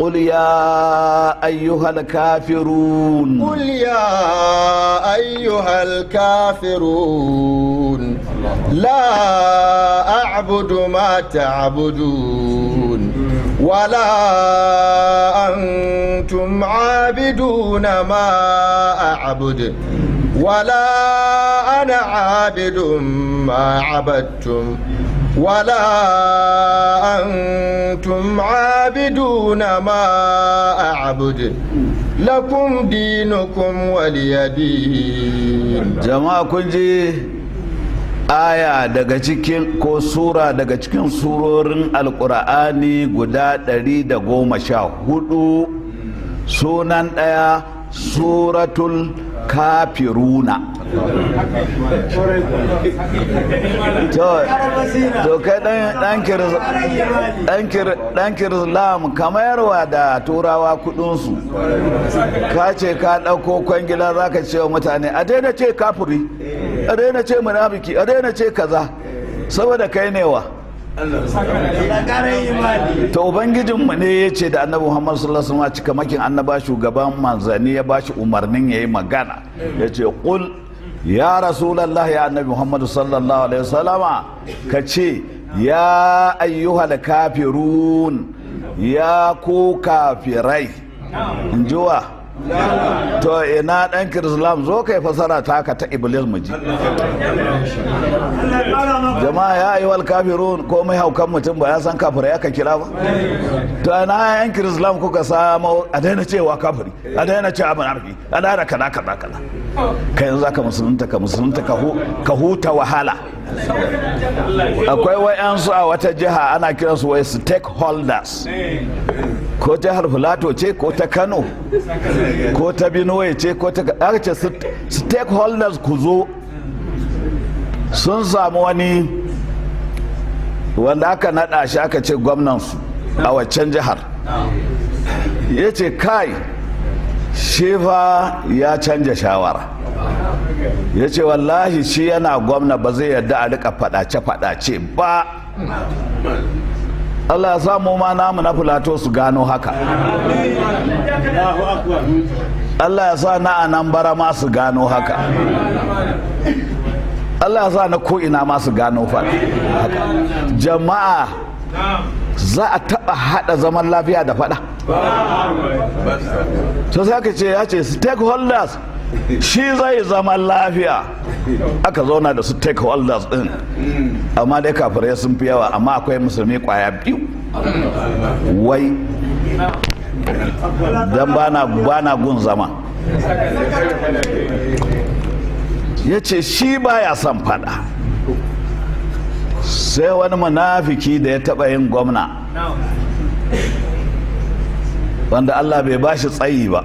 قل يا أيها الكافرون قل يا أيها الكافرون لا أعبد ما تعبدون ولا أنتم عابدون ما أعبد ولا أنا عابد ما عبدتم ولا أنتم عابدون ما أعبد لكم دينكم ولي دين جماعة كنجي aya daga cikin ko sura daga cikin surorin alkur'ani guda ɗari da goma sha hudu sunan ɗaya suratul kafiruna to kai dan kirislam kamayarwa da turawa kudinsu ka ce ka ɗauko kwangila za ka ce wa mutane a daina ce kafiri a daina ce munafiki a daina ce kaza saboda kai newa ta mu ne ya ce da annabi muhammad sallallahu alaihi wasallam cika makin annaba shugaban manzani ya bashi umarnin ya yi magana ya ce kul ya rasulallah ya annabi muhammad sallallahu alaihi wasallama ka ce ya ayyuhal kafirun ya ku kafirai in ji wa to ina dan kirislam zo kai fasara taka ta iblis mu ji jama'a ya yi wal kafirun mai haukan mutum ba ya san kafira ya ka kira ba to ina yan kirislam kuka samo a daina cewa kafiri a daina cewa arfi a daina kana kaza kaza kai yanzu ka musulunta ka musulunta ka huta wahala akwai wayansu a wata jiha ana kiransu wai stakeholders ko jihar filato ce ko ta kano ko ta benue ce ko ta ce stakeholders ku zo sun samu wani wanda aka naɗa shi aka ce gwamnansu a waccan jihar ya ce kai shefa ya canja shawara ya ce wallahi shi yana gwamna ba zai yarda a rika fadace-fadace ba Allah ya mu ma namu na Fulato su gano haka Allah ya sa na bara ma su gano haka Allah ya sa na ko'ina ma su gano haka jama'a za a taɓa haɗa zaman lafiya da faɗa. to sai aka ce ya ce stakeholders shi zai zama lafiya aka zauna da su stakeholders din amma dai kafirai sun fi yawa amma akwai musulmi kwaya biyu wai don bana gun zama ya ce shi baya son fada sai wani munafiki da ya taba yin gwamna wanda allah bai bashi tsayi ba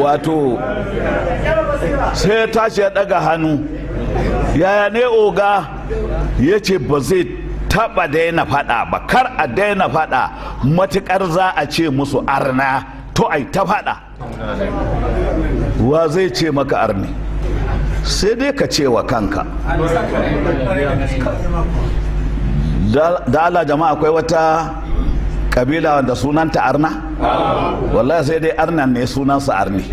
wato sai ya tashi ya daga hannu yaya ne oga ya ce ba zai taba daina fada ba kar a daina fada matukar za a ce musu arna to ai ta fada wa zai ce maka arni sai dai ka ce wa kanka da ala jama'a akwai wata kabila wanda sunanta arna wallahi sai dai arna ne sunansa arni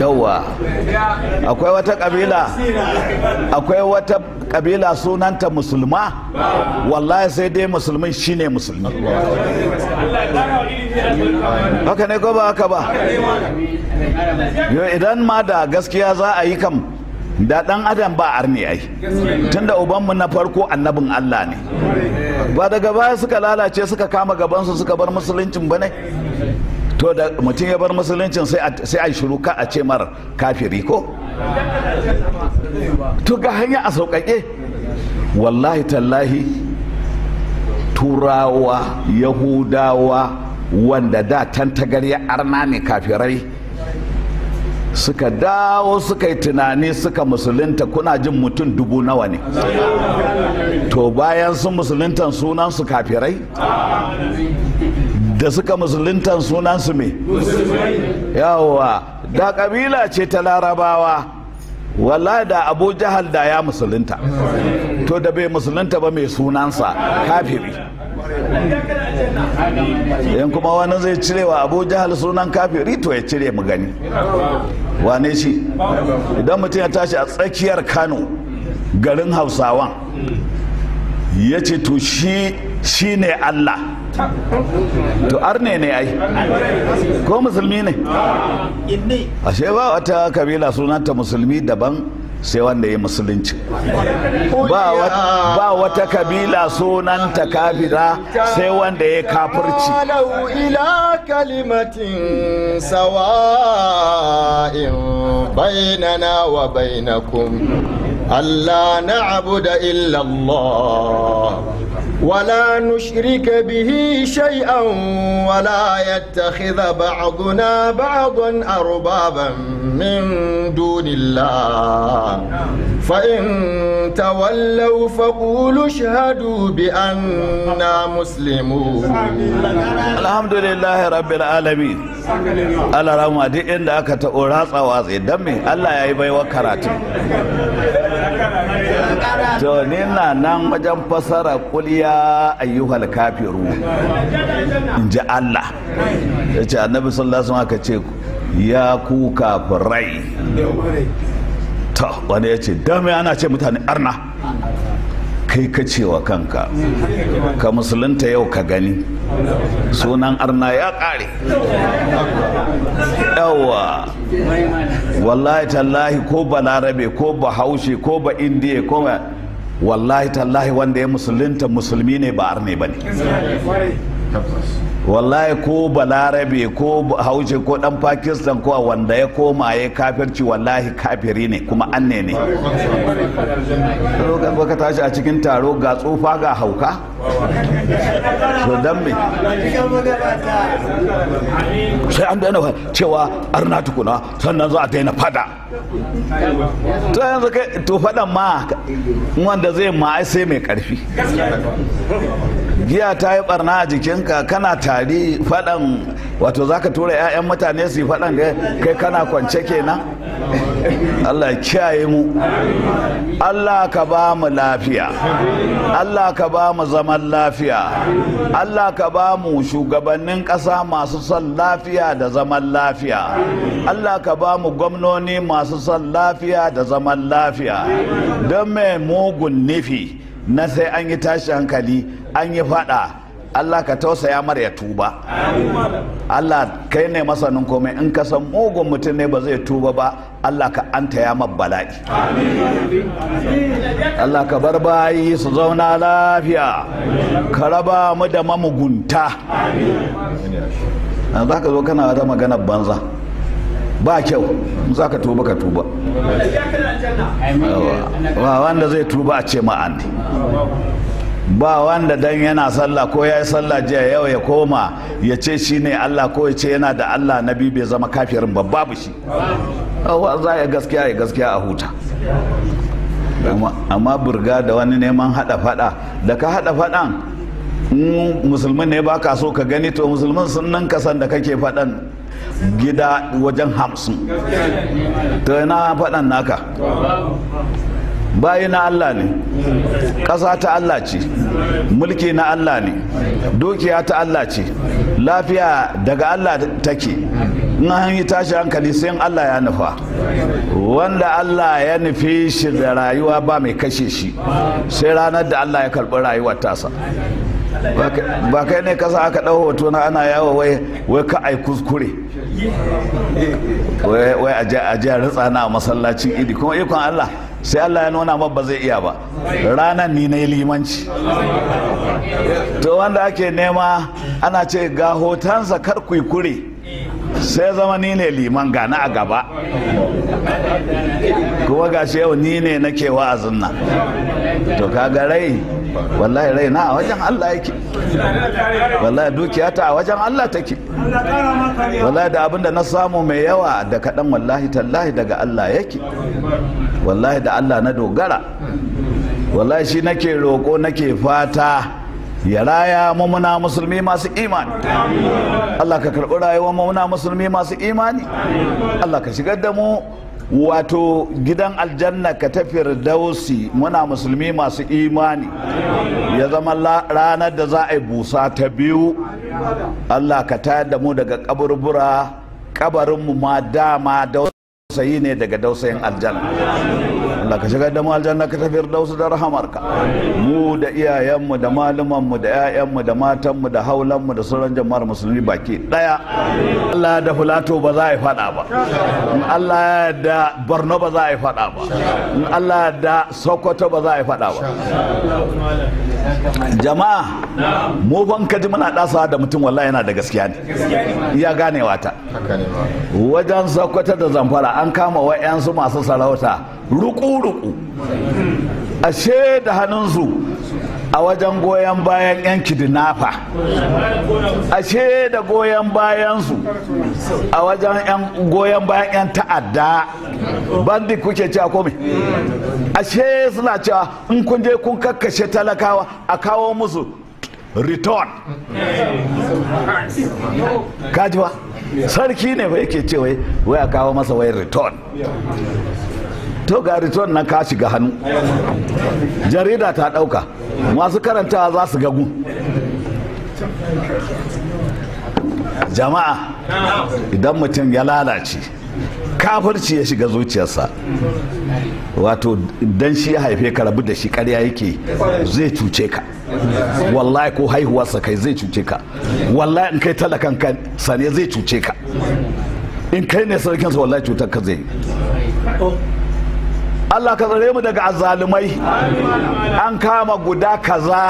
yauwa akwai wata kabila akwai wata kabila sunanta musulma wallahi sai dai musulmin shine musulmi haka ne ko ba haka ba idan ma da gaskiya za a yi kam da dan adam ba arne ai tunda ubanmu na farko annabin Allah ne ba daga baya suka lalace suka kama gabansu suka bar musuluncin bane to da mutum ya bar musuluncin sai a shiru ka a ce mar kafiri ko to ga hanya a sauƙaƙe wallahi tallahi turawa yahudawa wanda da tantagar ya arna ne kafirai suka dawo suka yi tunani suka musulunta kuna jin mutum dubu nawa ne to bayan sun musulunta sunan su kafirai da suka musulunta sunan su me yawa da kabila ce ta larabawa walla da abu jahal da ya musulunta to da bai musulunta ba mai sunansa kafiri yan kuma wani zai cire wa abu jihar sunan kafiri to ya cire mu gani wane shi idan mutum ya tashi a tsakiyar kano garin hausawan ya ce to shi ne allah to arne ne ai ko musulmi ne ashe ba wata kabila sunanta musulmi daban sai wanda ya musulunci ba wata kabila sunanta kafira sai wanda ya kafirci ila kalimatin sawa'in bainana wa bainakum Allah na abu da illallah ولا نشرك به شيئا ولا يتخذ بعضنا بعضا أربابا من دون الله فإن تولوا فقولوا اشهدوا بأننا مسلمون الحمد لله رب العالمين الله رحمه دي إن أكتا أوراسا واسي دمي الله يبي وكراتي to ni na nan wajen fasara kulya ayyuhal kafiru in ji Allah ya ce annabi sallallahu alaihi aka ce ya ku kafirai to wani ya ce dame ana ce mutane arna kai ka wa kanka ka musulunta yau ka gani sunan arna ya ƙare yawa wallahi tallahi ko balarabe ko bahaushe ko ba indiya ko wallahi tallahi wanda ya musulunta musulmi ne ba arne ba ne wallahi ko balarabe ko haushe ko dan pakistan ko wanda ya koma ya kafirci wallahi kafiri ne kuma anne ne ka tashi a cikin taro ga tsufa ga hauka sai an daina cewa arna tukuna sannan za a daina fada to yanzu kai to fada ma wanda zai ma sai mai karfi giya ta yi barna a jikinka kana tari fadan wato zaka tura 'ya'yan mutane su yi fadan kai kana kwance kenan Allah ya kiyaye mu Allah ka ba mu lafiya Allah ka ba mu zaman lafiya Allah ka ba mu shugabannin ƙasa masu son lafiya da zaman lafiya Allah ka ba mu gwamnoni masu son lafiya da zaman lafiya don mai mugun nufi na sai an yi tashi hankali an yi fada Allah ka tausaya mara ya tuba Allah kai ne masanin komai in ka san mugun mutum ne ba zai tuba ba Allah ka anta ya bala'i Allah ka bar bayi su zauna lafiya ka raba mu da mamugunta za ka zo kana wata maganar banza ba kyau za ka tuba ka tuba ba wanda zai tuba a ce ma'an ba wanda dan yana sallah ko ya yi sallah jiya yau ya koma ya ce shi ne Allah ko ya ce yana da Allah na biyu bai zama kafirin ba babu shi za a gaskiya ya gaskiya a huta amma burga da wani neman hada fada da ka hada fadan musulmin ne ba ka so ka gani to musulmin sun nan kasan da kake fadan gida wajen hamsin to yana fadan naka bayi na Allah ne ƙasa ta Allah ce mulki na Allah ne dukiya ta Allah ce lafiya daga Allah take in anyi tashi hankali sai Allah ya nufa wanda Allah ya nufi shi da rayuwa ba mai kashe shi sai ranar da Allah ya karɓi rayuwar tasa ba kai ne kasa aka ɗau hoto na ana yawo wai ka ai kuskure wai a je a ritsa na masallacin idi kuma ikon Allah sai Allah ya nuna ba zai iya ba ranar ni na limanci to wanda ake nema ana ce ga hotonsa kar kuikure sai zama ni ne liman gana a gaba kuma gashi yau ni ne na ke wa'azin nan to kaga rai wallahi rai na a wajen Allah yake wallahi dukiya ta a wajen Allah take wallahi da abinda na samu mai yawa da kaɗan wallahi tallahi daga Allah yake wallahi da Allah na dogara wallahi shi nake roƙo nake fata ya raya mamuna musulmi masu imani Allah ka karɓi rayuwar mamuna musulmi masu imani Allah ka shigar da mu wato gidan aljanna ka tafiyar dausi muna musulmi masu imani ya zama ranar da za a yi busa ta biyu allah ka tayar da mu daga kaburbura kabarinmu ma dama dausayi ne daga dausayin aljanna Allah ka shigar da mu aljanna ka tafiyar da wasu da rahamarka mu da iyayenmu da malumanmu da 'ya'yanmu da matanmu da haulanmu da sauran jama'ar musulmi baki daya Allah da fulato ba za a yi fada ba in Allah da borno ba za a yi fada ba in Allah da sokoto ba za a yi fada ba jama'a mu ban ji muna dasa da mutum wallahi yana da gaskiya ne iya ganewa ta wajen sokoto da zamfara an kama wa'yansu masu sarauta ruku-ruku ashe da hannunsu a wajen goyon bayan 'yan kidnapper ashe da goyon bayansu a wajen goyon bayan 'yan ta'adda bandi kuke cewa komai. ashe suna cewa in kun je kun kakkashe talakawa a kawo musu return kaji ba sarki ne ba yake cewa wai a kawo masa wai return to ga return nan ka shiga hannu jarida ta dauka masu karantawa za su gagu jama'a idan mutum ya lalace kafirci ya shiga zuciyarsa wato dan shi ya haife ka rabu da shi karya yake zai cuce ka wallahi ko haihuwarsa kai zai cuce ka wallahi in kai talakan ka sane zai cuce ka in kai ne sarkinsa wallahi cutar ka zai Allah ka tsare mu daga azalumai an kama guda kaza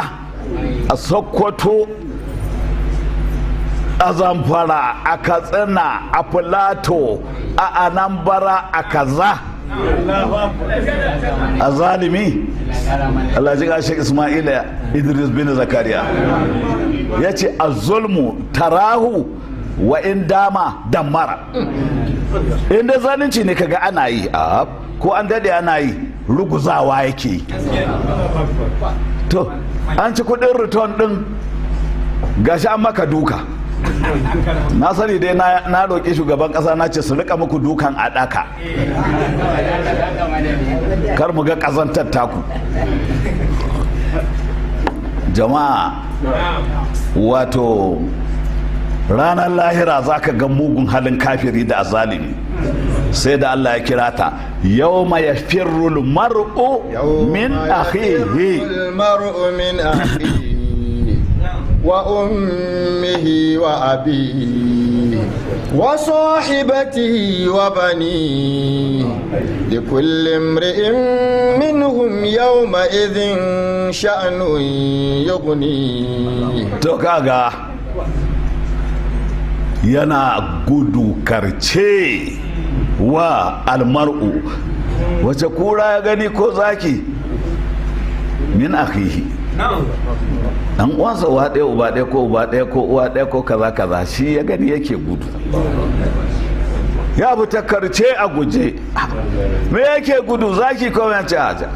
a sokoto a zamfara a katsina a filato a anambara a kaza a zalimi Allah ji Sheikh Ismaila Idris bin Zakariya ya ce a zulmu tarahu wa in dama damara inda zalunci ne kaga ana yi a ko an dade ana yi ruguzawa yake to an ci kudin return din gashi an maka duka na sani dai na roƙi shugaban ƙasa na ce su rika muku dukan a ɗaka kar mu ga ƙazantar taku jama'a wato ranar lahira za ka ga mugun halin kafiri da azalimi sai da Allah ya kira ta yau ma ya firul mar'u min ahihi wa ummihi wa abihi wa sahibatihi wa bani لكل minhum yawma idhin sha'nu yughni to kaga yana gudu karce wa almar'u wace kura ya gani ko zaki min akhihi dan uwansa uwa ɗaya uba ɗaya ko uba ɗaya ko uwa ɗaya ko kaza kaza shi ya gani yake gudu ya bu takarce a guje me yake gudu zaki ko ya ci aja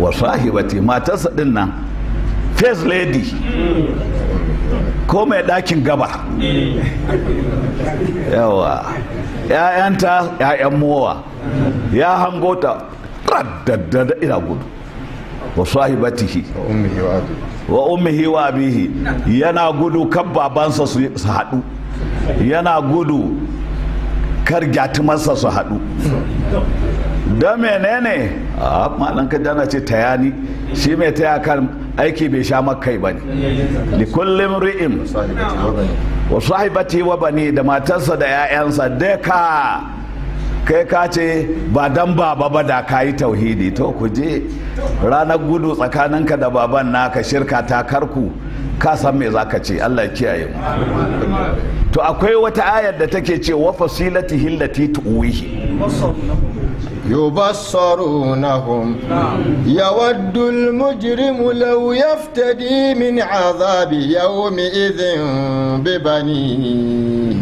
wa sahibati matarsa din nan first lady ko mai ɗakin gaba yawa ‘ya'yanta ‘ya'yan mowa ya hango ta da ina gudu wa sahibatihi wa umihi wa bihi yana gudu kan babansa su haɗu yana gudu kar gyatumarsa su haɗu don menene a ah, ɗan kajana ce tayani shi mai taya kan aiki bai sha makai ba ne kullum ri'in wa sahibati wa bani da matarsa da 'ya'yansa deka kai ka ce ba dan baba ba da ka yi tauhidi to ku je ranar gudu tsakaninka da baban naka shirka ta karku ka san me zaka ce Allah kiyaye mu to akwai wata ayar da take ce wa fasilati hillati tuwihi يبصرونهم نعم. يود المجرم لو يفتدي من عذاب يومئذ ببنيه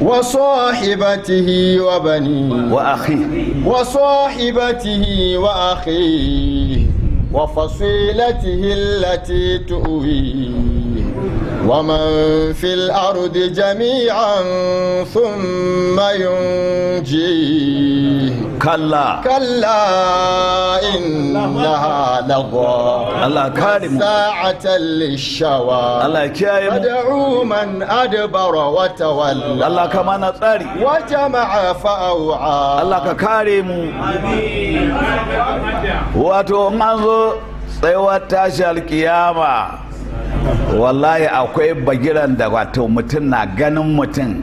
وصاحبته وبنيه وأخيه وصاحبته وأخيه وفصيلته التي تؤويه ومن في الأرض جميعا ثم ينجيه كلا كلا إنها لظى الله كارم ساعة للشوى الله كايم أدعو من أدبر وتولى الله كما نتاري وجمع فأوعى الله كارم واتو منذ tsayuwar tashi alkiyama wallahi akwai bagiran da wato mutum na ganin mutum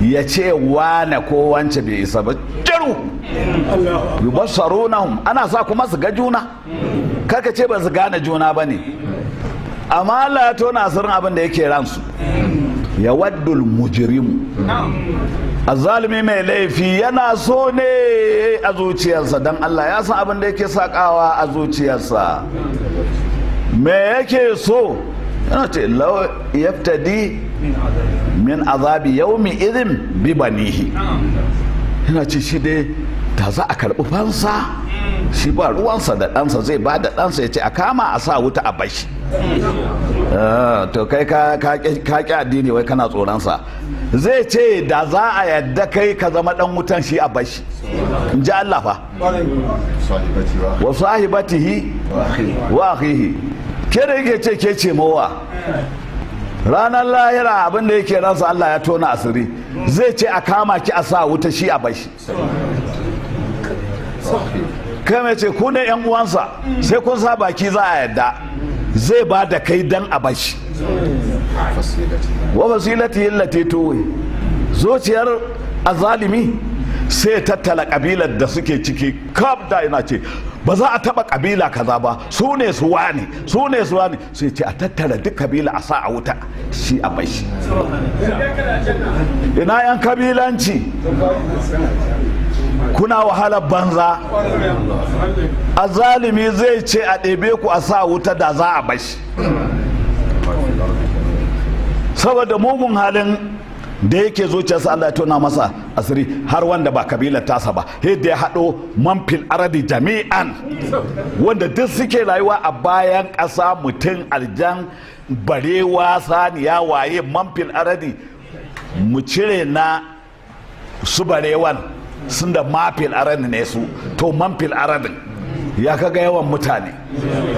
ya ce wane ko wance bai isa ba jaru yubasarunahum ana sa kuma su ga juna karka ce ba su gane juna ba ne amma ya tona sirrin abin da yake ransu ya waddul mujrimu azalimi mai laifi yana so ne a zuciyarsa don allah ya san abin da yake sakawa a zuciyarsa me yake so yana ce lau yaftadi min azabi yaumi izin bi banihi yana ce shi dai da za a karɓi fansa shi ba ruwansa da ɗansa zai ba da ɗansa ya ce a kama a sa wuta a bashi ah, to kai ka ƙi addini wai kana tsoronsa zai ce da za a yadda kai ka zama ɗan wutan shi a bashi in ji Allah fa wa sahibatihi wa ke da yake ce ke ce mowa ranar lahira abinda yake ransa Allah ya tona asiri zai ce a kama ki a sa wuta shi a bashi kai ce ku ne yan uwansa sai kun sa baki za a yadda zai ba da kai dan a bashi wa basilati yallati tuwi zuciyar azalimi sai tattala kabilar da suke ciki kaf da ina ce ba za a taɓa kabila kaza ba su ne su wani su ne su wani sai ce a tattara duk kabila a sa a wuta shi a bai shi ina yan kabilanci kuna wahalar banza a zalimi zai ce a ɗebe ku a sa wuta da za a bai shi saboda mugun halin da yake zuciyarsa Allah ya tona masa asiri har wanda ba kabilar tasa ba yadda ya haɗo manfil aradi jami'an wanda duk suke rayuwa a bayan ƙasa mutum aljan barewa saniya waye manfil aradi mu cire na su barewan sun da mafil aradi ne su to manfil aradin ya kaga yawan mutane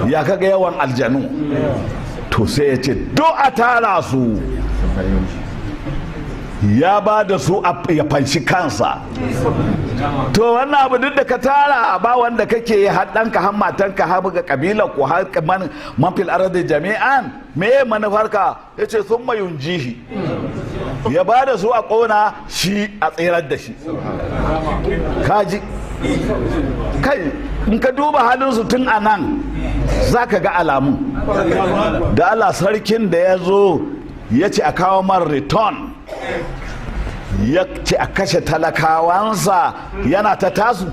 ya kaga yawan aljanu to sai ya ce do a tara su ya ba da su ya fanshi kansa to wannan abu duk da ka tara a ba wanda kake haɗanka har matanka har ga kabila ko har man mafil ardi jami'an me manufarka yace sun mayun jihi ya ba da su a ƙona shi a tsirar da shi kaji kai in ka duba halin su tun anan nan za ka ga alamu da Allah sarkin da ya zo ya ce a kawo man return ya ce a kashe talakawansa yana ta tasu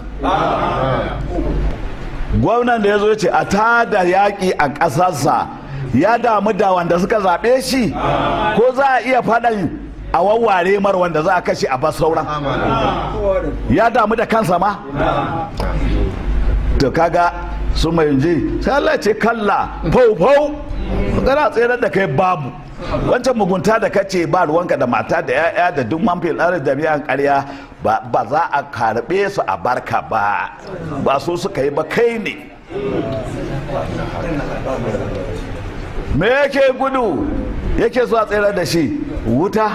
gwamnan da ya zo ce a da yaƙi a ƙasarsa ya damu da wanda suka zaɓe shi ko za a iya faɗan a wawware mar wanda za a kashe a sauran ya damu da kansa ma to kaga su mai ji sai Allah ce kalla fau fau kana tsere da kai babu wancan mugunta da kace ba ruwanka da mata da ya'ya da duk man arziki da an karya ba za a karbe su a barka ba ba su suka yi ba kai ne me yake gudu yake so a tsere da shi wuta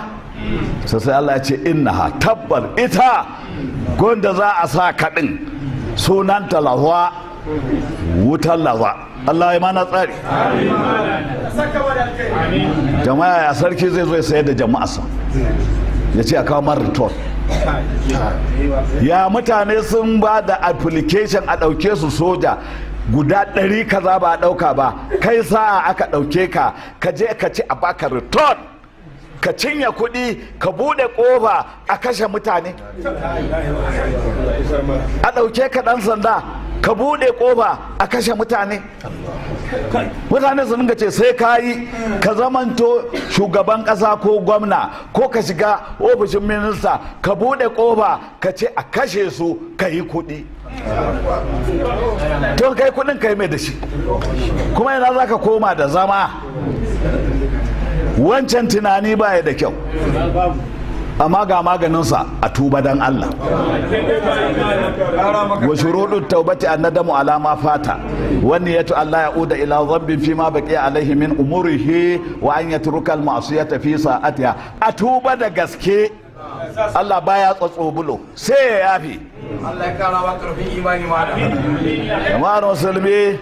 sai Allah ce inna tabbar ita gonda za a sa kaɗin sunanta lahwa wutar laza Allah ya mana tsari jama'a ya sarki zai zo ya sayar da sa. ya ce a kawo man return ya mutane sun ba da application a ɗauke su soja guda ɗari kaza ba a ɗauka ba kai sa'a aka ɗauke ka ka je ka ci a baka return ka cinye kuɗi ka buɗe ƙofa a kashe mutane a ɗauke ka ɗan sanda ka buɗe kofa a kashe mutane mutane su ce sai ka yi ka zamanto shugaban kasa ko gwamna ko ka shiga ofishin minista ka buɗe ƙofa ka ce a kashe su ka yi kuɗi to kai kuɗin ka yi mai da shi kuma yana za ka koma da zama wancan tunani baya da kyau amma ga maganinsa a tuba dan Allah wa shuruɗu taubati annadamu ala ma fata wani yatu Allah ya uda ila zambin fi ma baqi alaihi min umurihi wa an yatruka al ma'siyata fi sa'atiha a tuba da gaske Allah baya tsotso bulo sai ya yafi Allah ya kara wa imani ma da musulmi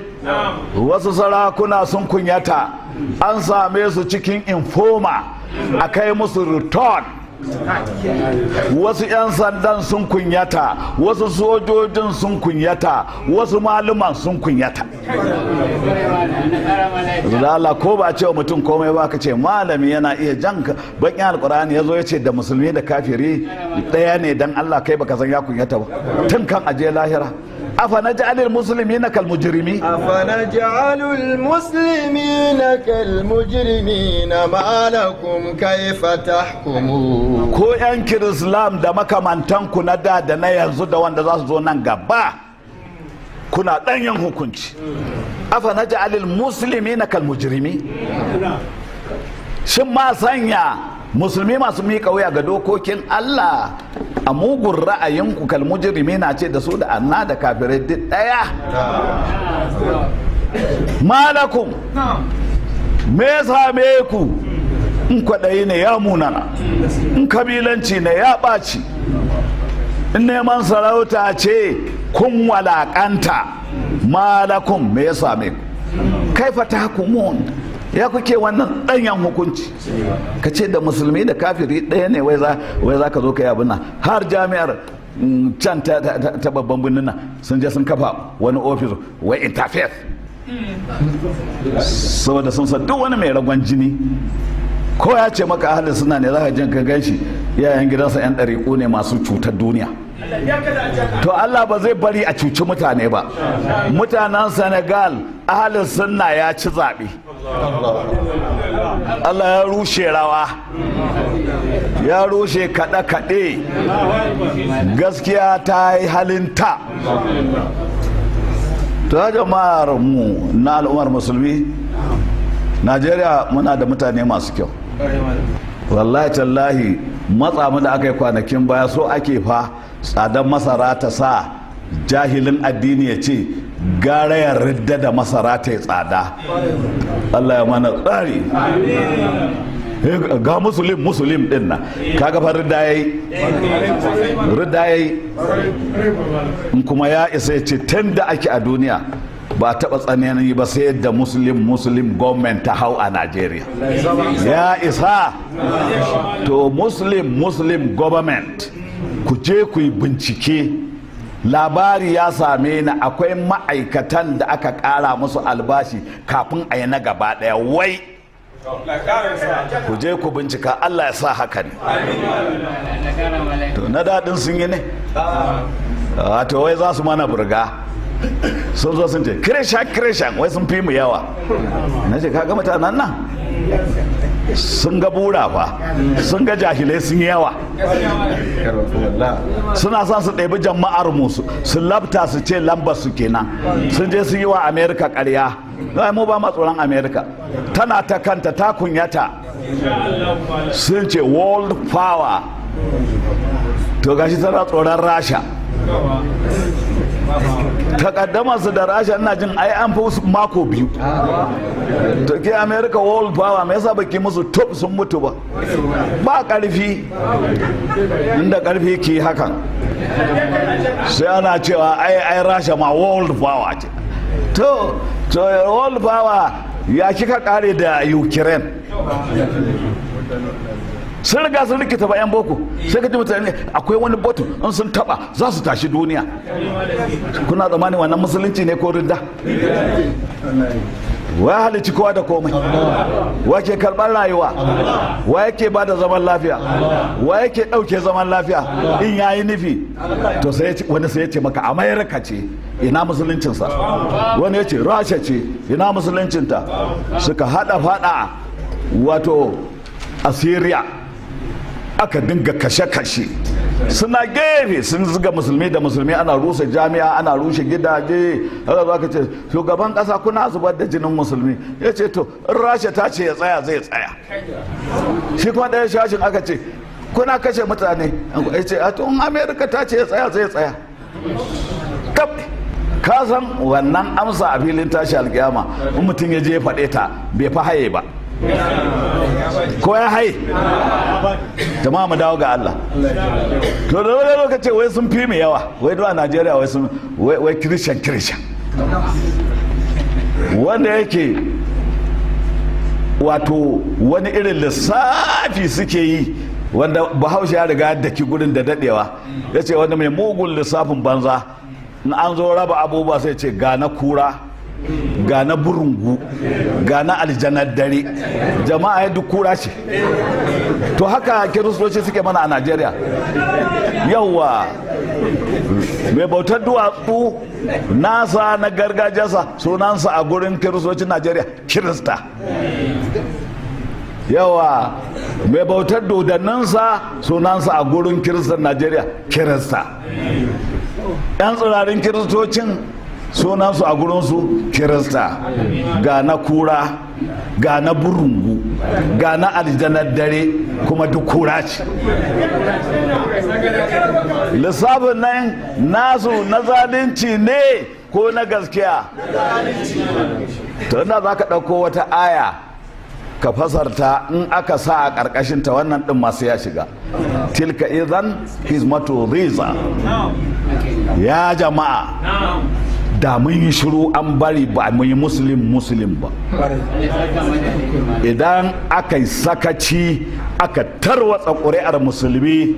wasu sarakuna sun kunyata an same su cikin informa a kai musu return wasu 'yan sandan sun kunyata wasu sojojin sun kunyata wasu maluman sun kunyata Zulala ko ba cewa mutum komai ba ka ce malami yana iya jan bakin alkurani ya zo ya ce da musulmi da kafiri ɗaya ne dan allah kai baka san ya kunyata ba tun kan aje lahira أفنجعل المسلمين كالمجرمين أفنجعل المسلمين كالمجرمين ما لكم كيف تحكمون كو ينكر إسلام دا makamantan ku na da da na yanzu da wanda za zo nan gaba kuna ɗanyen hukunci afa na ja'alil musulmi na ma sanya musulmi masu miƙa wuya ga dokokin Allah a mugun ra'ayinku kalmujirimi na ce da su da anna da kafirai duk ɗaya malakum me same ku in kwaɗayi ne ya munana in kabilanci ne ya ɓaci in neman sarauta ce kun walaƙanta malakum me same ku kaifa ta hukumun ya kuke wannan ɗanyen hukunci ka ce da musulmi da kafiri ɗaya ne wai za ka zo ka yi har jami'ar mm, can ta babban birnin sun je sun kafa wani ofis wai interfaith saboda sun san duk wani mai ragon jini ko ya ce maka ahalin suna ne za ka jin ka gan shi yayan gidansa 'yan ɗariƙu ne masu cutar duniya to Allah ba zai bari a cuci mutane ba mutanen senegal ahalin sunna ya ci zaɓe Allah ya rushe rawa ya rushe kaɗe-kaɗe gaskiya ta yi halinta ta jama'ar mu na al'ummar musulmi najeriya muna da mutane masu kyau wallahi tallahi matsa mu da aka yi kwanakin baya so ake fa tsadan masara ta sa jahilin addini ya ce gara ya ridda da masara ta yi tsada allah ya mana tsari ga musulim musulim din na kaga fa ridda yayi ridda yi kuma ya isa ya ce tun da ake a duniya ba taɓa tsanani ba sai yadda muslim muslim government ta hau a nigeria ya isa to muslim muslim government ku je ku yi bincike labari ya same ni akwai ma'aikatan da aka ƙara musu albashi kafin a yi na gaba daya wai ku je ku bincika allah ya sa haka ne to na daɗin sun yi ne wato wai za su mana burga sun zo sun ce kirishan kirishan wai sun fi mu yawa na ce ka gama ta nan nan sun ga bura fa sun ga jahilai sun yawa suna sa su ɗabi jama'ar musu su labta su ce lambar su kenan sun je sun yi wa amerika ƙarya zai mu ba matsoron amerika tana ta kanta ta kunyata sun ce world power to gashi tana tsoron rasha takaddama su da rasha ina jin ai an fi mako biyu to ke america world power me yasa baki musu top sun mutu ba ba karfi inda karfi ke hakan sai ana cewa ai ai rasha ma world power ce to to world power ya kika kare da ukraine sun riga sun rikita ba yan boko sai ka ji mutane akwai wani batu in sun taba za su tashi duniya kuna tsammani wannan musulunci ne ko ridda wa halici kowa da komai wa ke karɓar rayuwa wa yake ba da zaman lafiya wa yake ɗauke zaman lafiya in ya yi nufi to sai wani sai ya ce maka amerika ce ina musuluncinsa wani ya ce rasha ce ina musuluncinta suka haɗa faɗa wato asiriya aka dinga kashe-kashe suna gefe sun zuga musulmi da musulmi ana rusa jami'a ana rushe gidaje haka za ce shugaban kasa kuna zubar da jinin musulmi ya ce to in rasha ta ce ya tsaya zai tsaya shi kuma ɗaya shashin aka ce kuna kashe mutane ya ce a tun amerika ta ce ya tsaya zai tsaya kaf ka san wannan amsa a filin tashi alkiyama in mutum ya je faɗe ta bai fa haye ba ko ya hai jama'a mu dawo ga Allah to da wani lokaci wai sun fi mu yawa wai duwa Najeriya wai sun wai kirishan kirishan wanda yake wato wani irin lissafi suke yi wanda bahaushe ya riga da ki gurin da dadewa yace ce wanda mai mugun lissafin banza in an zo raba abubuwa sai ce ga na kura ga na burungu ga na aljanar dare jama'a ya dukura kura ce to haka kiristoci suke mana a najeriya yawwa mai bautar duwatsu nasa na gargajiyarsa sunansa a gurin kiristocin najeriya kirista yawa mai bautar dodanninsa sunansa a gurin kiristan najeriya kirista yan tsirarin kiristocin sunansu a gurinsu kirista ga na kura ga na burungu ga na aljanar dare kuma duk kura ce lissafin nan nasu na zalunci ne ko na gaskiya tunda za ka ɗauko wata aya ka fasarta in aka sa a ta wannan ɗin masu ya shiga tilka izan hizmatu riza ya jama'a da mun yi shiru an bari ba mun yi musulun musulun ba idan aka yi sakaci aka tarwatsa ƙuri'ar musulmi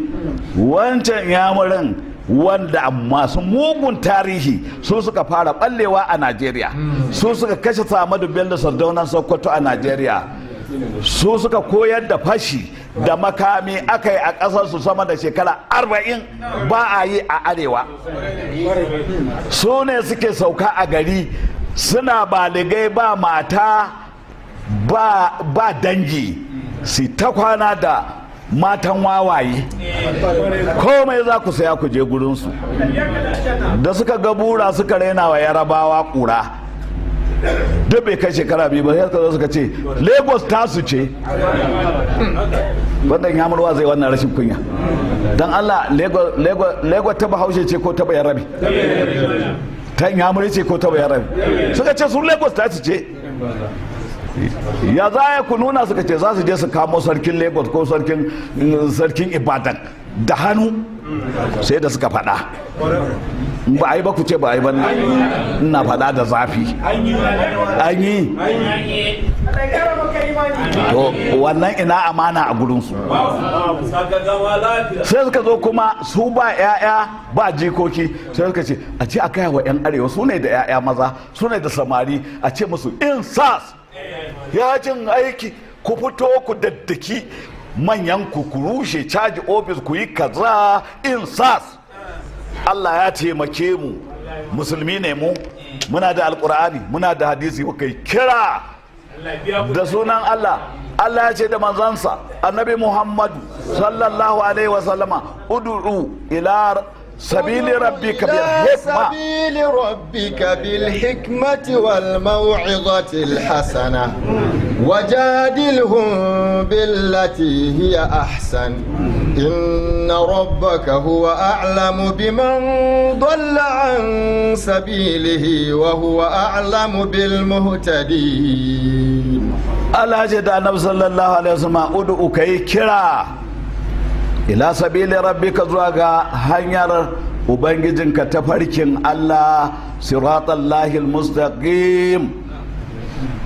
wancan yamurin wanda masu mugun tarihi su suka fara ballewa a najeriya su suka kashe samadu bello sardaunan sokoto a najeriya su suka koyar da fashi da makami aka yi a ƙasarsu sama da shekara arba'in ba a yi a arewa su ne suke sauka a gari suna baligai ba mata ba dangi su ta kwana da matan wawaye komai za ku saya ku je gurinsu da suka ga bura suka raina wa yarabawa ƙura. duk bai kai shekara biyu ba zai suka ce lagos tasu ce wannan ya murwa zai wannan rashin kunya don allah lagos ta bahaushe ce ko ta bayan rabi ta yamuri ce ko ta bayan rabi suka ce su lagos tasu ce ya za ya ku nuna suka ce za su je su kamo sarkin lagos ko sarkin ibadan da hannu sai da suka faɗa ba a yi ba ku ce ba a yi ba na faɗa da zafi an yi to wannan ina amana a gudunsu. sai suka zo kuma su ba 'ya'ya ba jikoki sai suka ce a ce a kai wa 'yan arewa su ne da 'ya'ya maza su ne da samari a ce musu insas yajin aiki ku fito ku daddaki manyan ku ku rushe caji ofis ku yi kaza sas Allah ya taimake mu musulmi ne mu muna da alkur'ani muna da hadisi kuka kira da sunan Allah Allah ya ce da manzansa annabi Muhammadu sallallahu alaihi sallama udu'u ila سبيل ربك بالحكمة سبيل ربك بالحكمة والموعظة الحسنة وجادلهم بالتي هي أحسن إن ربك هو أعلم بمن ضل عن سبيله وهو أعلم بالمهتدين الله جدا نبي صلى الله عليه وسلم أدعوك كرا ila sabili rabbika zuwa ga hanyar ubangijinka ta farkin Allah siratallahi mustaqim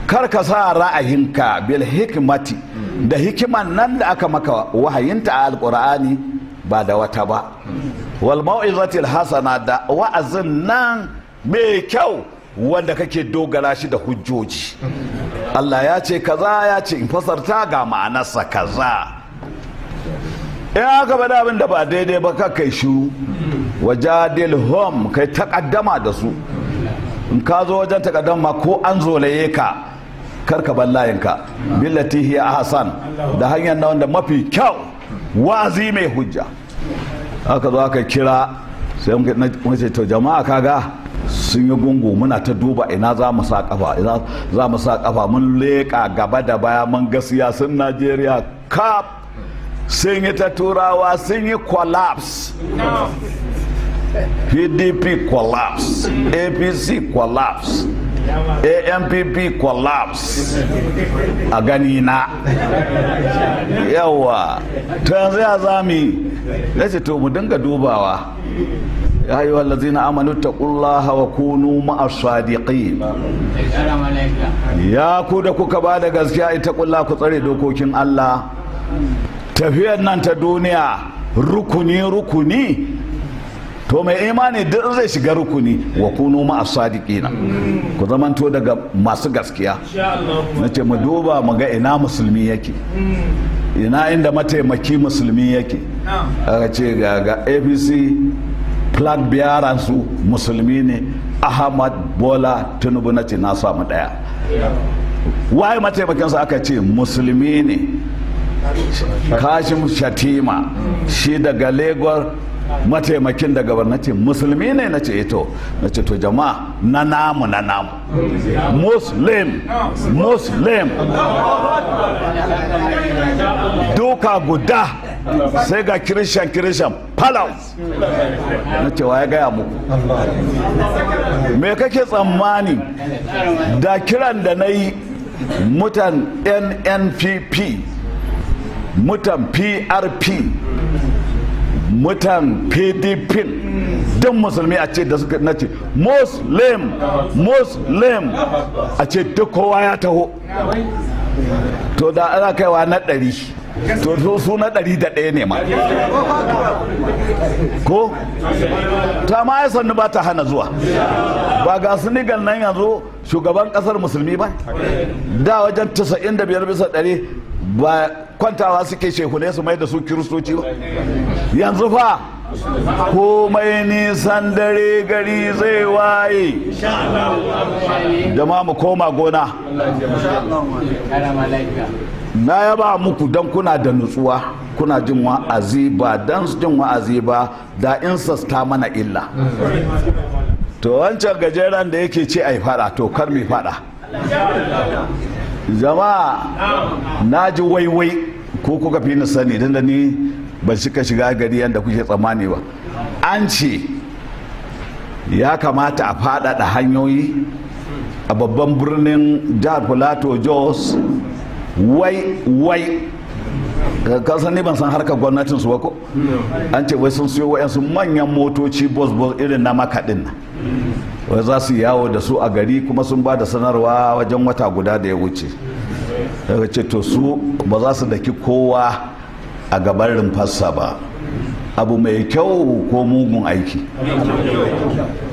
kar ka sa ra'ayinka bil hikmati da hikiman nan da aka maka wahayinta a alqur'ani ba da wata ba wal mau'izati alhasana da wa'azin nan mai kyau wanda kake dogara shi da hujjoji Allah ya ce kaza ya ce in fasarta ga ma'anarsa kaza in aka faɗa abin da ba daidai ba ka kai shiru wajadil hom kai takaddama da su in ka zo wajen takaddama ko an zolaye ka karka bar layinka billati hiya ahsan da hanyar na wanda mafi kyau wazi mai hujja aka zo aka kira sai mun ce to jama'a kaga sun yi gungu muna ta duba ina za mu sa kafa ina za mu sa kafa mun leka gaba da baya mun ga sun Najeriya kap sun yi ta turawa sun yi collapse pdp collapse apc collapse ampp collapse a gani na yawa ta yanzu ya zami na ce to mu dinga dubawa ya yi wallazi na amanu ta ƙullaha wa kunu ma'asadiƙi ya ku da kuka ba da gaskiya ita ƙulla ku tsare dokokin allah tafiyar nan ta duniya rukuni rukuni to mai imani duk zai shiga rukuni wa kunu ma na ku zamanto daga masu gaskiya Na ce mu duba mu ga ina musulmi yake ina inda mataimaki musulmi yake A ce ga apc plan biyaran su musulmi ne ahmad bola tinubu na ce na samu daya waye mataimakinsa aka ce musulmi ne kashim shatima shi daga lagos mataimakin daga ce musulmi ne na ce ito eh na ce to jama'a na namu na namu muslim muslim duka guda sai ga kirishan kirishan palau na ce wa ya gaya muku me kake tsammani da kiran da na yi mutan nnpp mutan prp mutan pdp don musulmi a ce da suka nace muslim muslim a ce duk kowa ya taho to da ana kaiwa na ɗari to su na ɗari da ɗaya ne ma ko ta ma ya sannu ba ta hana zuwa ba ga sinigal nan yanzu shugaban ƙasar musulmi ba da wajen 95 bisa ɗari ba kwantawa suke shehune su mai da su kiristoci yanzu fa komai nisan dare gari zai waye jama'a mu koma gona na yaba muku don kuna da nutsuwa kuna jin wa'azi ba don jin wa'azi ba da in sasta mana illa to wancan gajeren da yake ce ai fada to kar mai fada jama'a na ji waiwai ko kuka fi ni sani da ni ba shi shiga gari yadda kuke tsammani ba an ce ya kamata a faɗaɗa hanyoyi a babban birnin jihar plato jos wai wai kasan ne ban san harkar gwamnatin su ba ko an ce wai sun siyo wa'yansu manyan motoci bus bus irin na makaɗin wai za su yawo da su a gari kuma sun ba da sanarwa wajen wata guda da ya wuce daga ce to su ba za su daki kowa a gaban rumfarsa ba abu mai kyau ko mugun aiki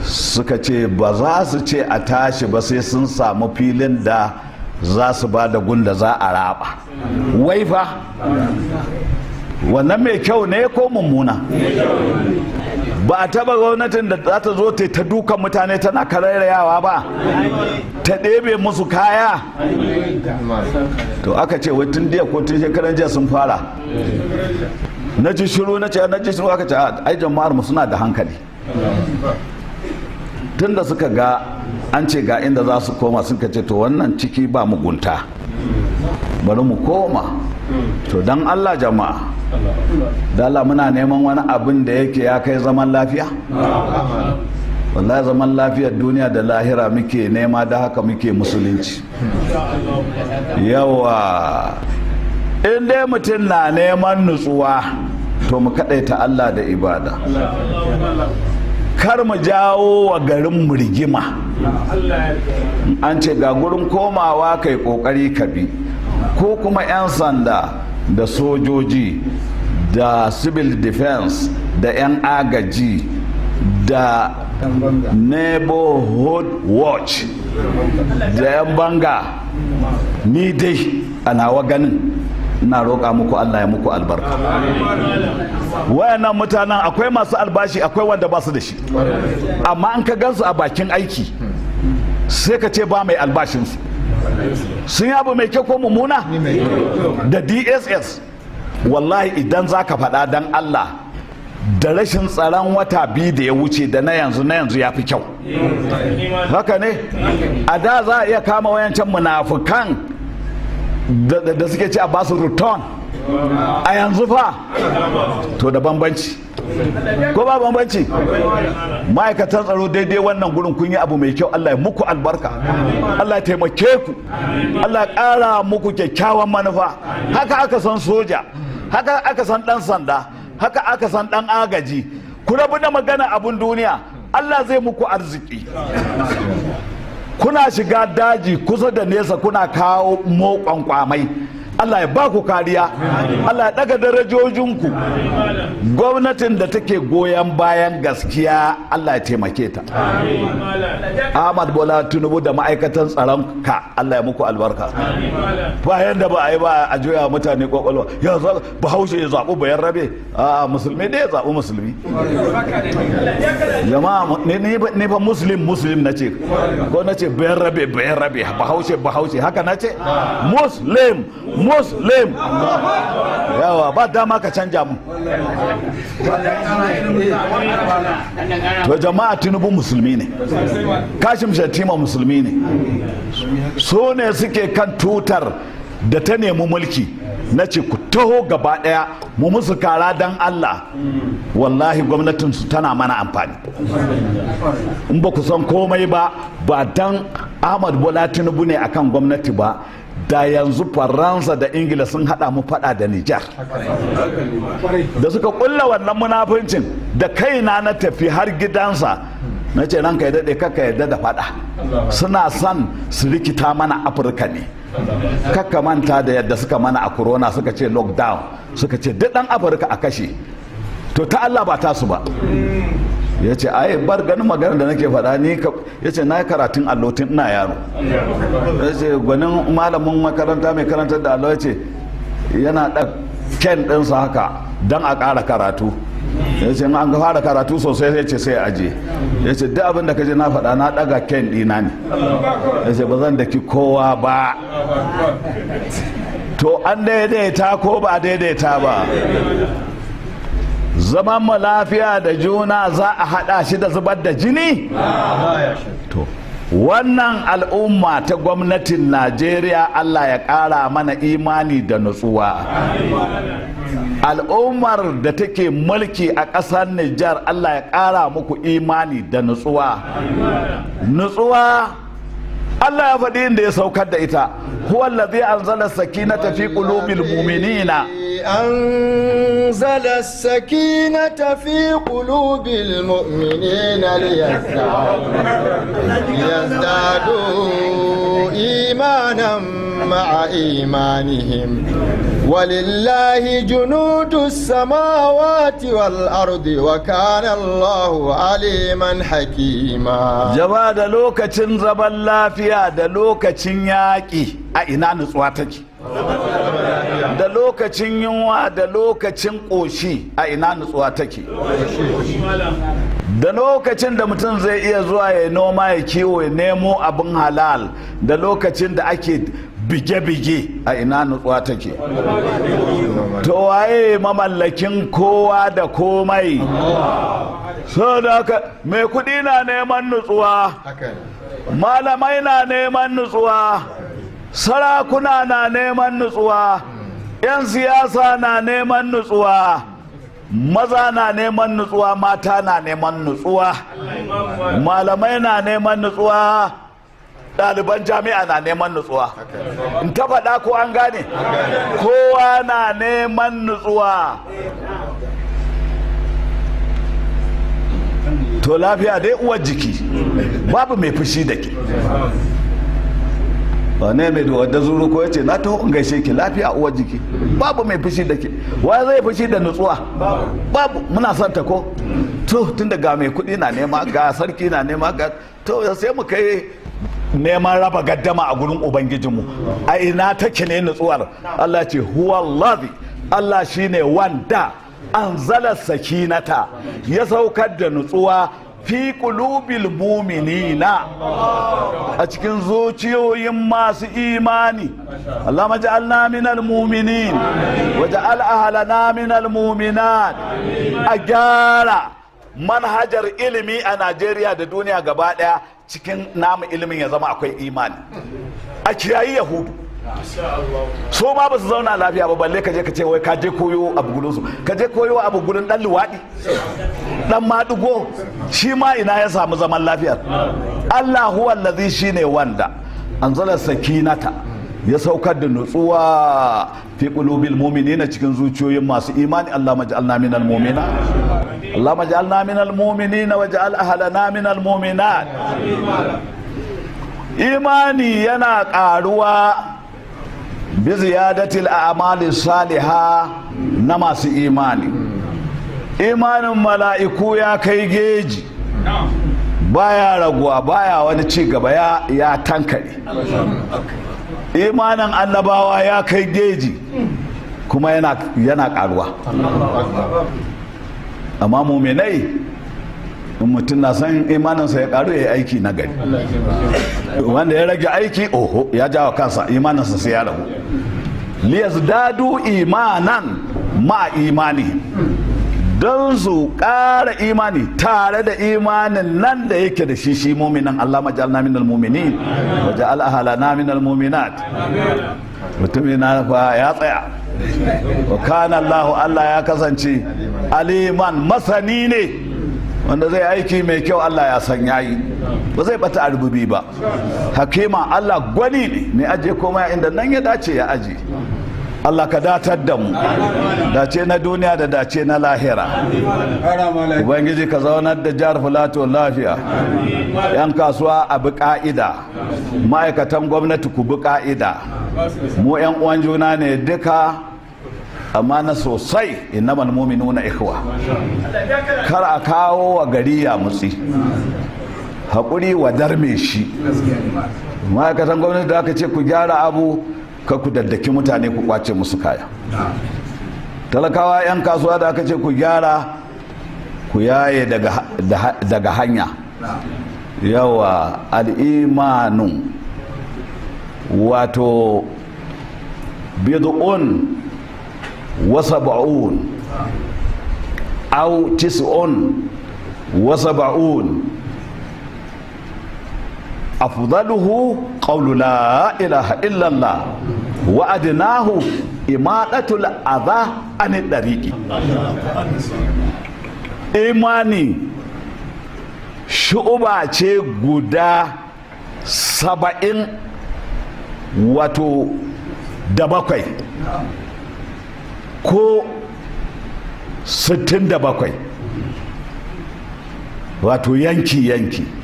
suka ce ba za su ce a tashi ba sai sun samu filin da za su ba da gunda za a raba wai fa wannan mai kyau ne ko mummuna ba a taba gwamnatin da za ta zo ta ta dukan mutane tana karairayawa ba ta ɗebe musu kaya to aka ce wai tun jiya ko tun shekarar jiya sun fara na ji shiru na ce na ji shiru aka ce ah, ai jama'ar mu suna da hankali tun da suka ga an ce ga inda za su koma suka ce to wannan ciki ba mugunta bari mu koma to dan allah jama'a da Allah muna neman wani abin da yake ya kai zaman lafiya wallahi zaman lafiyar duniya da lahira muke nema da haka muke musulunci yawa in dai mutum na neman nutsuwa to mu kaɗaita Allah da ibada kar mu jawo wa garin mu rigima an ce ga gurin komawa kai kokari ka bi ko kuma 'yan sanda da sojoji da civil defense da 'yan agaji da neighborhood watch da 'yan banga ni dai a nawa ganin na roƙa muku Allah ya muku albarka wayannan mutanen akwai masu albashi akwai wanda ba su da shi amma an ka gansu a bakin aiki sai ka ce ba mai albashinsu sun yi abu mai kyau ko mummuna da dss wallahi idan za ka faɗa don allah da rashin tsaron wata biyu da ya wuce da na yanzu na yanzu ya fi kyau haka ne a da za a iya kama wayancan munafukan da suke ci a basu return a yanzu fa to da bambanci ko ba bambanci ma'aikatan tsaro daidai wannan gurin kun yi abu mai kyau Allah ya muku albarka Allah ya taimake ku Allah ya ƙara muku kyakkyawan manufa haka aka san soja haka aka san ɗan sanda haka aka san ɗan agaji ku rabu da magana abun duniya Allah zai muku arziki kuna shiga daji kusa da nesa kuna kawo mokon kwamai Allah ya ba ku kariya Allah ya daga darajojinku gwamnatin da take goyon bayan gaskiya Allah ya taimake ta Ahmad Bola Tinubu da ma'aikatan tsaron ka Allah ya muku albarka bayan da ba a yi ba a juya mutane kwakwalwa ya bahaushe ya zaɓu bayan rabe a musulmi ne ya zaɓu musulmi jama'a ne ba muslim muslim na ce ko na ce bayan rabe bayan rabe bahaushe bahaushe haka na ce muslim muslim yawa ba dama ka canja mu to jama'a tinubu musulmi ne kashim shatima musulmi ne su ne suke kan tutar da ta nemi mulki na ce ku taho gaba daya mu musu kara don allah wallahi gwamnatinsu tana mana amfani in ba ku san komai ba ba dan ahmad bola tinubu ne akan gwamnati ba da yanzu faransa da ingila sun hada mu fada da nijar da suka kulla wannan munafincin da kaina na tafi har gidansa na ce ranka ya daɗe kaka yadda da fada suna son su rikita mana afirka ne kaka manta da yadda suka mana a corona suka ce lockdown suka ce duk dan afirka a kashe to ta allah ba ta su ba ya ce ai bar ganin magana da nake faɗa ni ya ce na karatun allo tun ina yaro ya ce gwanin malamin makaranta mai karantar da allo ya ce yana ɗan ken ɗinsa haka don a ƙara karatu ya ce an fara karatu sosai sai ce sai aje ya ce duk abin da ka je na faɗa na ɗaga ken ɗina ne ya ce ba zan daki kowa ba to an daidaita ko ba daidaita ba zaman mu lafiya da juna za a haɗa shi da zubar da jini wannan al'umma ta gwamnatin najeriya allah ya ƙara mana imani da nutsuwa al'ummar da take mulki a ƙasar nijar allah ya ƙara muku imani da nutsuwa nutsuwa Allah ya faɗi inda ya saukar da ita huwa allazi anzala sakinata fi qulubil mu'minina anzala sakinata fi qulubil mu'minina liyazdadu imanan مع إيمانهم ولله جنود السماوات والأرض وكان الله عليما حكيما جواد lafiya da الله yaƙi a ياكي nutsuwa take. da lokacin yunwa da lokacin ƙoshi a ina nutsuwa take da lokacin da mutum zai iya zuwa ya noma ya kiwo ya nemo abin halal da lokacin da ake bige-bige a ina nutsuwa take to waye mamallakin kowa da komai so mai kudi na neman nutsuwa malamai na neman nutsuwa sarakuna na neman nutsuwa 'yan siyasa na neman nutsuwa maza na neman nutsuwa mata na neman nutsuwa malamai na neman nutsuwa ɗaliban jami'a na neman nutsuwa in ta faɗa ko an gane kowa na neman nutsuwa to lafiya dai uwar jiki babu mai fushi da ke wane mai wadda zuru ko yace na taho in gaishe ki lafiya uwar jiki babu mai fushi da ke wa zai fushi da nutsuwa babu muna son ta ko to tun daga mai kuɗi na nema ga sarki na nema ga to sai mu kai neman raba gaddama a gurin ubangijinmu a ina take ne nutsuwar Allah ce huwa allazi Allah shine wanda an anzala sakinata ya saukar da nutsuwa fi qulubil mu'minina a cikin zuciyoyin masu imani Allah maj'alna minal mu'minin waj'al ahlana minal mu'minat a gyara manhajar ilimi a Najeriya da duniya gaba daya cikin namu ilimin ya zama akwai imani a kiyayi yahudu so ma ba su zauna lafiya ba balle ka je ka ce wai ka je koyo a bugulunsu ka je koyo a bugulun dan luwaɗi dan maɗigo shi ma ina ya samu zaman lafiya allah huwa shine wanda anzala sakinata ya saukar da nutsuwa fi mumini na cikin zuciyoyin masu imani Allah maj'alna al mu'mina Allah maj'alna minal mu'minina ahala ahlana al-mumina imani yana karuwa bi ziyadatil a'mali saliha na masu imani imanin mala'iku ya kai geji baya raguwa baya wani ci gaba ya tankare imanin eh, annabawa ya kai geji kuma yana karuwa amma menai in mutum na san imaninsa ya karu ya yi aiki na gari wanda ya rage aiki oho ya jawa kansa imaninsa sai ya rahu liyas dadu imanan ma imani don su ƙara imani tare da imanin nan da yake da shi shi muminin Allah minal muminin ahala ahalana minal muminat mutumin na fa ya tsaya wa kana Allah Allah ya kasance aliman masani ne wanda zai aiki mai kyau Allah ya san yayi ba zai bata arbubi ba hakima Allah gwani ne mai aje komai inda nan ya dace ya aje Allah ka datar da mu dace na duniya da dace na lahira ubangiji ka zaunar da jihar filato lafiya yan kasuwa a bi ka'ida ma'aikatan gwamnati ku bi ka'ida mu yan uwan juna ne duka amma na sosai innamal mu'minuna ikhwa kar a kawo wa gari ya mutsi haƙuri wa darme shi ma'aikatan gwamnati da aka ce ku gyara abu ka ku daddaki mutane ku kwace musu kaya talakawa 'yan kasuwa da aka ce ku gyara ku yaye daga hanya yawa al'imanu wato bid'un wa sab'un aw tis'un wa sab'un afdaluhu qawlu la ilaha illallah wa adnahu imadatul adha an dariki imani shu'uba ce guda saba'in wato da bakwai ko sittin da bakwai wato yanki-yanki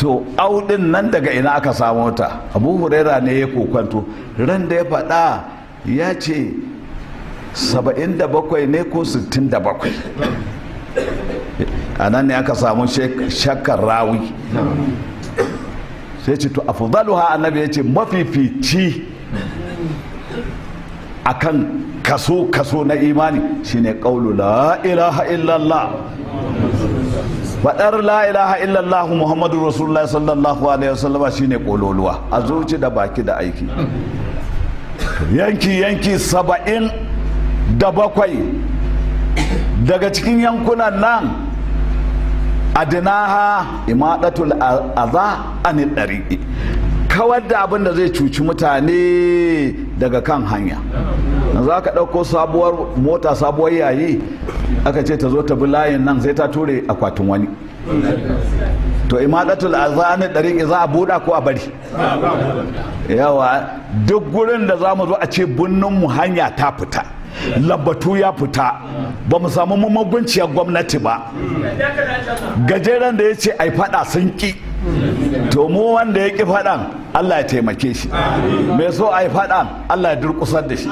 to audin nan daga ina aka samu ta abu huraira ne ya kokwanto ran da ya faɗa ya ce 77 ne ko 67 a nan ne aka samu shakkar rawi sai ce to afdaluha annabi ya ce mafifici akan kaso kaso na imani shine qaulu la ilaha illallah faɗar la ilaha illallah muhammadu rasulullah sallallahu alaihi wasallama shine kololuwa a zuci da baki da aiki yanki yanki saba'in da bakwai daga cikin yankunan nan adinaha imadatul aza anil dariqi kawar da abin da zai cuci mutane daga kan hanya na za ka ɗauko sabuwar mota sabuwar yayi aka ce ta zo ta bi layin nan zai ta ture akwatin wani to imadatul azani ɗariƙi za a buɗa ko a bari yawa duk gurin da za mu zo a ce mu hanya ta fita labbatu ya fita ba mu samu mamagunciyar gwamnati ba gajeren da ya ce ai fada sun ƙi to mu wanda ya ƙi faɗan Allah ya taimake shi mai so a yi faɗan Allah ya durƙusar da shi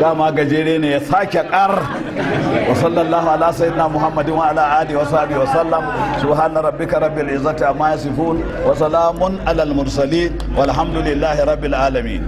dama gajere ne ya sake ƙar wa sallallahu ala sayyidina muhammadin wa ala adi wa sahbihi wa sallam subhana rabbika rabbil izzati amma yasifun wa salamun alal mursalin walhamdulillahi rabbil alamin